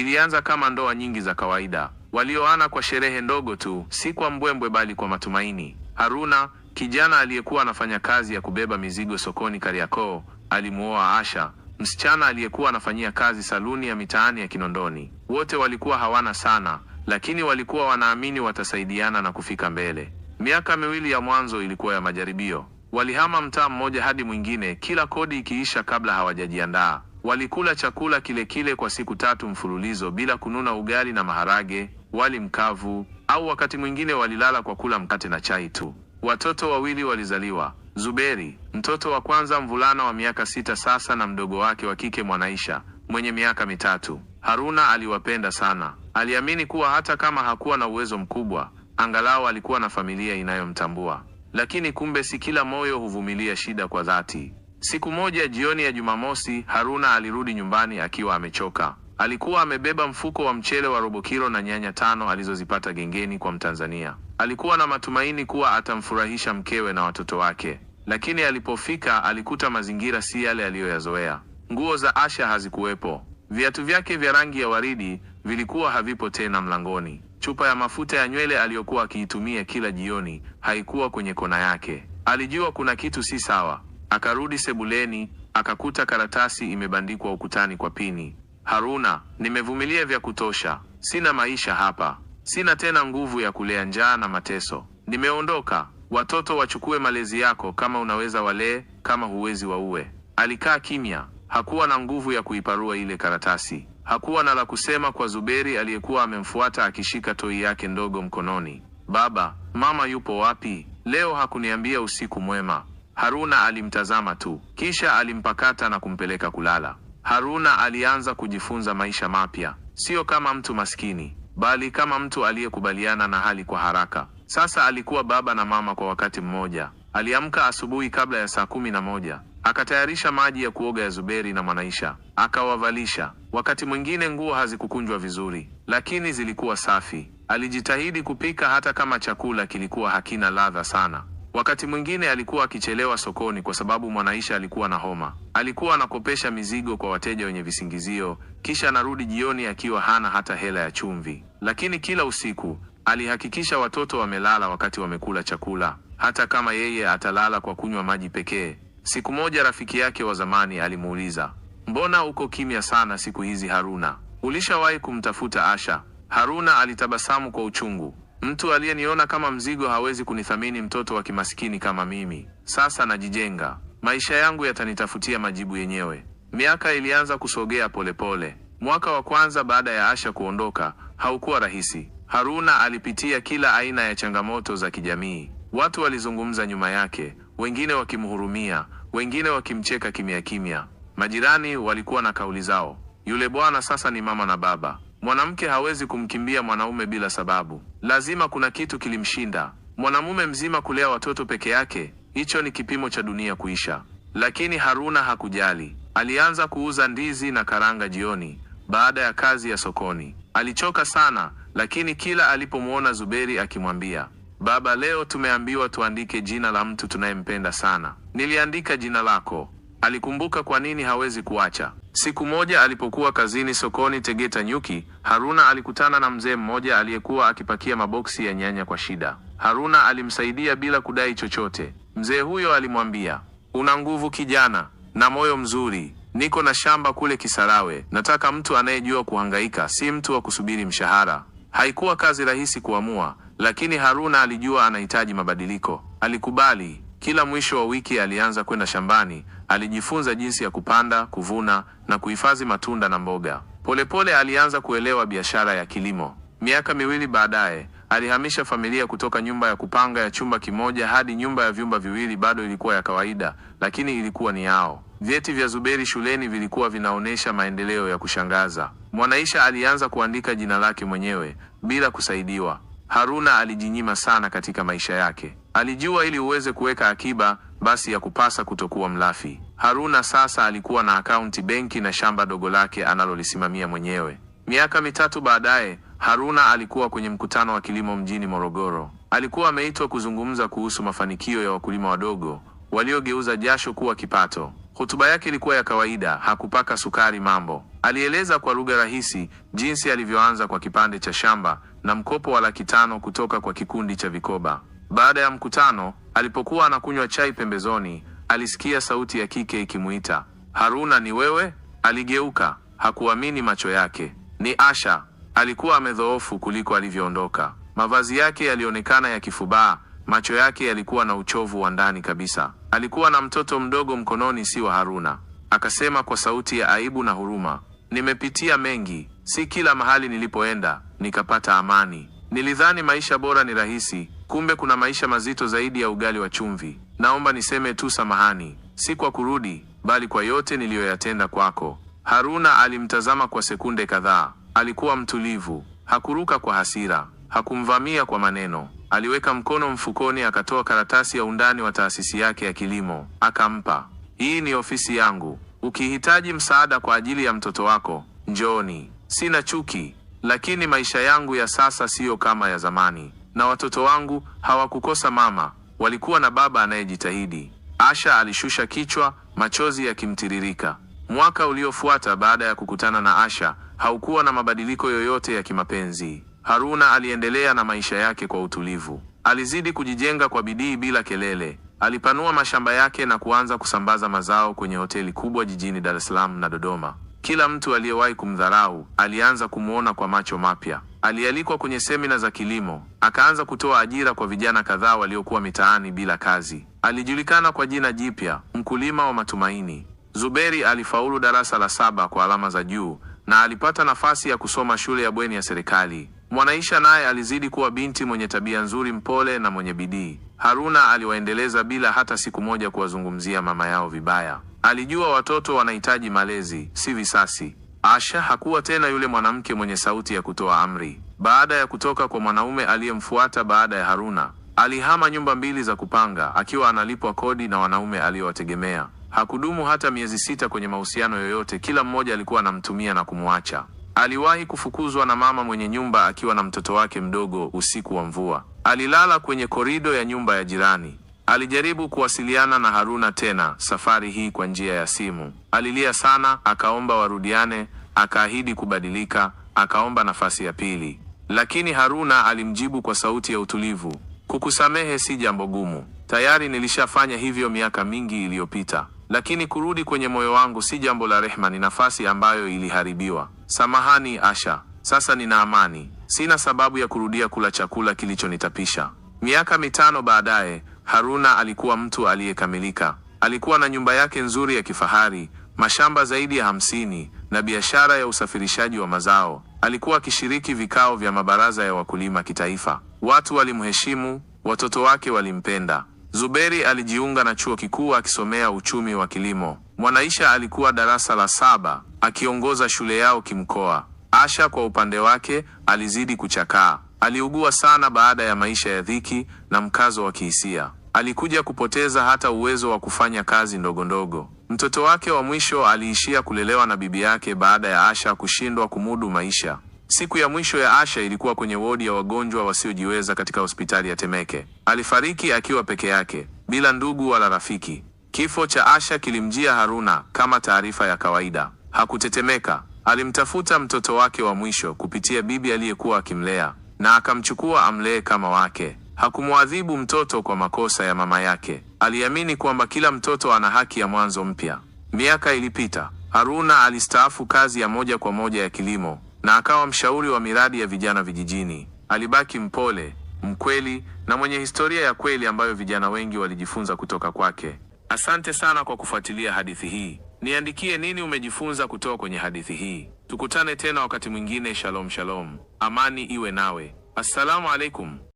Ilianza kama ndoa nyingi za kawaida, walioana kwa sherehe ndogo tu, si kwa mbwembwe, bali kwa matumaini. Haruna, kijana aliyekuwa anafanya kazi ya kubeba mizigo sokoni Kariakoo, alimuoa Asha, msichana aliyekuwa anafanyia kazi saluni ya mitaani ya Kinondoni. Wote walikuwa hawana sana, lakini walikuwa wanaamini watasaidiana na kufika mbele. Miaka miwili ya mwanzo ilikuwa ya majaribio. Walihama mtaa mmoja hadi mwingine, kila kodi ikiisha kabla hawajajiandaa. Walikula chakula kile kile kwa siku tatu mfululizo bila kununa, ugali na maharage, wali mkavu, au wakati mwingine walilala kwa kula mkate na chai tu. Watoto wawili walizaliwa, Zuberi, mtoto wa kwanza mvulana wa miaka sita sasa, na mdogo wake wa kike Mwanaisha mwenye miaka mitatu. Haruna aliwapenda sana. Aliamini kuwa hata kama hakuwa na uwezo mkubwa, angalau alikuwa na familia inayomtambua. Lakini kumbe si kila moyo huvumilia shida kwa dhati. Siku moja jioni ya Jumamosi, Haruna alirudi nyumbani akiwa amechoka. Alikuwa amebeba mfuko wa mchele wa robo kilo na nyanya tano alizozipata gengeni kwa Mtanzania. Alikuwa na matumaini kuwa atamfurahisha mkewe na watoto wake, lakini alipofika alikuta mazingira si yale aliyoyazoea. Nguo za Asha hazikuwepo, viatu vyake vya rangi ya waridi vilikuwa havipo tena mlangoni. Chupa ya mafuta ya nywele aliyokuwa akiitumia kila jioni haikuwa kwenye kona yake. Alijua kuna kitu si sawa. Akarudi sebuleni akakuta karatasi imebandikwa ukutani kwa pini. Haruna, nimevumilia vya kutosha, sina maisha hapa, sina tena nguvu ya kulea njaa na mateso, nimeondoka. Watoto wachukue malezi yako, kama unaweza walee, kama huwezi waue. Alikaa kimya, hakuwa na nguvu ya kuiparua ile karatasi, hakuwa na la kusema kwa Zuberi aliyekuwa amemfuata akishika toi yake ndogo mkononi. Baba, mama yupo wapi? Leo hakuniambia usiku mwema. Haruna alimtazama tu, kisha alimpakata na kumpeleka kulala. Haruna alianza kujifunza maisha mapya, sio kama mtu maskini, bali kama mtu aliyekubaliana na hali kwa haraka. Sasa alikuwa baba na mama kwa wakati mmoja. Aliamka asubuhi kabla ya saa kumi na moja akatayarisha maji ya kuoga ya Zuberi na Mwanaisha akawavalisha. Wakati mwingine nguo hazikukunjwa vizuri, lakini zilikuwa safi. Alijitahidi kupika hata kama chakula kilikuwa hakina ladha sana. Wakati mwingine alikuwa akichelewa sokoni kwa sababu Mwanaisha alikuwa na homa. Alikuwa anakopesha mizigo kwa wateja wenye visingizio, kisha anarudi jioni akiwa hana hata hela ya chumvi. Lakini kila usiku alihakikisha watoto wamelala wakati wamekula chakula, hata kama yeye atalala kwa kunywa maji pekee. Siku moja rafiki yake wa zamani alimuuliza, mbona uko kimya sana siku hizi Haruna? Ulishawahi kumtafuta Asha? Haruna alitabasamu kwa uchungu. Mtu aliyeniona kama mzigo hawezi kunithamini mtoto wa kimasikini kama mimi. Sasa najijenga, maisha yangu yatanitafutia majibu yenyewe. Miaka ilianza kusogea polepole. Mwaka wa kwanza baada ya Asha kuondoka haukuwa rahisi. Haruna alipitia kila aina ya changamoto za kijamii. Watu walizungumza nyuma yake, wengine wakimhurumia, wengine wakimcheka kimya kimya. Majirani walikuwa na kauli zao, yule bwana sasa ni mama na baba. Mwanamke hawezi kumkimbia mwanaume bila sababu, lazima kuna kitu kilimshinda. Mwanamume mzima kulea watoto peke yake, hicho ni kipimo cha dunia kuisha. Lakini Haruna hakujali. Alianza kuuza ndizi na karanga jioni baada ya kazi ya sokoni. Alichoka sana, lakini kila alipomwona Zuberi akimwambia, baba, leo tumeambiwa tuandike jina la mtu tunayempenda sana, niliandika jina lako. Alikumbuka kwa nini hawezi kuacha. Siku moja alipokuwa kazini sokoni Tegeta Nyuki, Haruna alikutana na mzee mmoja aliyekuwa akipakia maboksi ya nyanya kwa shida. Haruna alimsaidia bila kudai chochote. Mzee huyo alimwambia, una nguvu kijana na moyo mzuri, niko na shamba kule Kisarawe, nataka mtu anayejua kuhangaika, si mtu wa kusubiri mshahara. Haikuwa kazi rahisi kuamua, lakini Haruna alijua anahitaji mabadiliko. Alikubali. Kila mwisho wa wiki alianza kwenda shambani Alijifunza jinsi ya kupanda, kuvuna na kuhifadhi matunda na mboga. Polepole alianza kuelewa biashara ya kilimo. Miaka miwili baadaye, alihamisha familia kutoka nyumba ya kupanga ya chumba kimoja hadi nyumba ya vyumba viwili. Bado ilikuwa ya kawaida, lakini ilikuwa ni yao. Vyeti vya Zuberi shuleni vilikuwa vinaonyesha maendeleo ya kushangaza. Mwanaisha alianza kuandika jina lake mwenyewe bila kusaidiwa. Haruna alijinyima sana katika maisha yake. Alijua ili uweze kuweka akiba basi ya kupasa kutokuwa mlafi. Haruna sasa alikuwa na akaunti benki na shamba dogo lake analolisimamia mwenyewe. Miaka mitatu baadaye, Haruna alikuwa kwenye mkutano wa kilimo mjini Morogoro. Alikuwa ameitwa kuzungumza kuhusu mafanikio ya wakulima wadogo waliogeuza jasho kuwa kipato. Hotuba yake ilikuwa ya kawaida, hakupaka sukari mambo. Alieleza kwa lugha rahisi jinsi alivyoanza kwa kipande cha shamba na mkopo wa laki tano kutoka kwa kikundi cha vikoba. Baada ya mkutano Alipokuwa anakunywa chai pembezoni, alisikia sauti ya kike ikimuita, Haruna, ni wewe? Aligeuka, hakuamini macho yake. Ni Asha. Alikuwa amedhoofu kuliko alivyoondoka, mavazi yake yalionekana ya kifubaa, macho yake yalikuwa na uchovu wa ndani kabisa. Alikuwa na mtoto mdogo mkononi, si wa Haruna. Akasema kwa sauti ya aibu na huruma, nimepitia mengi, si kila mahali nilipoenda nikapata amani. Nilidhani maisha bora ni rahisi, kumbe kuna maisha mazito zaidi ya ugali wa chumvi. Naomba niseme tu samahani, si kwa kurudi, bali kwa yote niliyoyatenda kwako. Haruna alimtazama kwa sekunde kadhaa. Alikuwa mtulivu, hakuruka kwa hasira, hakumvamia kwa maneno. Aliweka mkono mfukoni, akatoa karatasi ya undani wa taasisi yake ya kilimo, akampa. Hii ni ofisi yangu, ukihitaji msaada kwa ajili ya mtoto wako, njoni Sina chuki, lakini maisha yangu ya sasa siyo kama ya zamani, na watoto wangu hawakukosa mama, walikuwa na baba anayejitahidi. Asha alishusha kichwa, machozi yakimtiririka. Mwaka uliofuata baada ya kukutana na Asha haukuwa na mabadiliko yoyote ya kimapenzi. Haruna aliendelea na maisha yake kwa utulivu. Alizidi kujijenga kwa bidii bila kelele. Alipanua mashamba yake na kuanza kusambaza mazao kwenye hoteli kubwa jijini Dar es Salaam na Dodoma. Kila mtu aliyewahi kumdharau alianza kumwona kwa macho mapya. Alialikwa kwenye semina za kilimo, akaanza kutoa ajira kwa vijana kadhaa waliokuwa mitaani bila kazi. Alijulikana kwa jina jipya, mkulima wa matumaini. Zuberi alifaulu darasa la saba kwa alama za juu na alipata nafasi ya kusoma shule ya bweni ya serikali. Mwanaisha naye alizidi kuwa binti mwenye tabia nzuri, mpole na mwenye bidii. Haruna aliwaendeleza bila hata siku moja kuwazungumzia mama yao vibaya. Alijua watoto wanahitaji malezi, si visasi. Asha hakuwa tena yule mwanamke mwenye sauti ya kutoa amri. Baada ya kutoka kwa mwanaume aliyemfuata baada ya Haruna, alihama nyumba mbili za kupanga akiwa analipwa kodi na wanaume aliyowategemea. Hakudumu hata miezi sita kwenye mahusiano yoyote, kila mmoja alikuwa anamtumia na kumwacha. Aliwahi kufukuzwa na mama mwenye nyumba akiwa na mtoto wake mdogo usiku wa mvua. Alilala kwenye korido ya nyumba ya jirani. Alijaribu kuwasiliana na Haruna tena, safari hii kwa njia ya simu. Alilia sana, akaomba warudiane, akaahidi kubadilika, akaomba nafasi ya pili, lakini Haruna alimjibu kwa sauti ya utulivu, kukusamehe si jambo gumu, tayari nilishafanya hivyo miaka mingi iliyopita, lakini kurudi kwenye moyo wangu si jambo la rehema, ni nafasi ambayo iliharibiwa. Samahani Asha, sasa nina amani, sina sababu ya kurudia kula chakula kilichonitapisha. Miaka mitano baadaye Haruna alikuwa mtu aliyekamilika. Alikuwa na nyumba yake nzuri ya kifahari, mashamba zaidi ya hamsini na biashara ya usafirishaji wa mazao. Alikuwa akishiriki vikao vya mabaraza ya wakulima kitaifa. Watu walimheshimu, watoto wake walimpenda. Zuberi alijiunga na chuo kikuu akisomea uchumi wa kilimo. Mwanaisha alikuwa darasa la saba akiongoza shule yao kimkoa. Asha kwa upande wake alizidi kuchakaa. Aliugua sana baada ya maisha ya dhiki na mkazo wa kihisia. Alikuja kupoteza hata uwezo wa kufanya kazi ndogondogo. Mtoto wake wa mwisho aliishia kulelewa na bibi yake baada ya Asha kushindwa kumudu maisha. Siku ya mwisho ya Asha ilikuwa kwenye wodi ya wagonjwa wasiojiweza katika hospitali ya Temeke. Alifariki akiwa peke yake, bila ndugu wala rafiki. Kifo cha Asha kilimjia Haruna kama taarifa ya kawaida. Hakutetemeka, alimtafuta mtoto wake wa mwisho kupitia bibi aliyekuwa akimlea na akamchukua amlee kama wake. Hakumwadhibu mtoto kwa makosa ya mama yake. Aliamini kwamba kila mtoto ana haki ya mwanzo mpya. Miaka ilipita. Haruna alistaafu kazi ya moja kwa moja ya kilimo na akawa mshauri wa miradi ya vijana vijijini. Alibaki mpole, mkweli na mwenye historia ya kweli ambayo vijana wengi walijifunza kutoka kwake. Asante sana kwa kufuatilia hadithi hii. Niandikie nini umejifunza kutoka kwenye hadithi hii. Tukutane tena wakati mwingine. Shalom, shalom. Amani iwe nawe. Assalamu alaikum.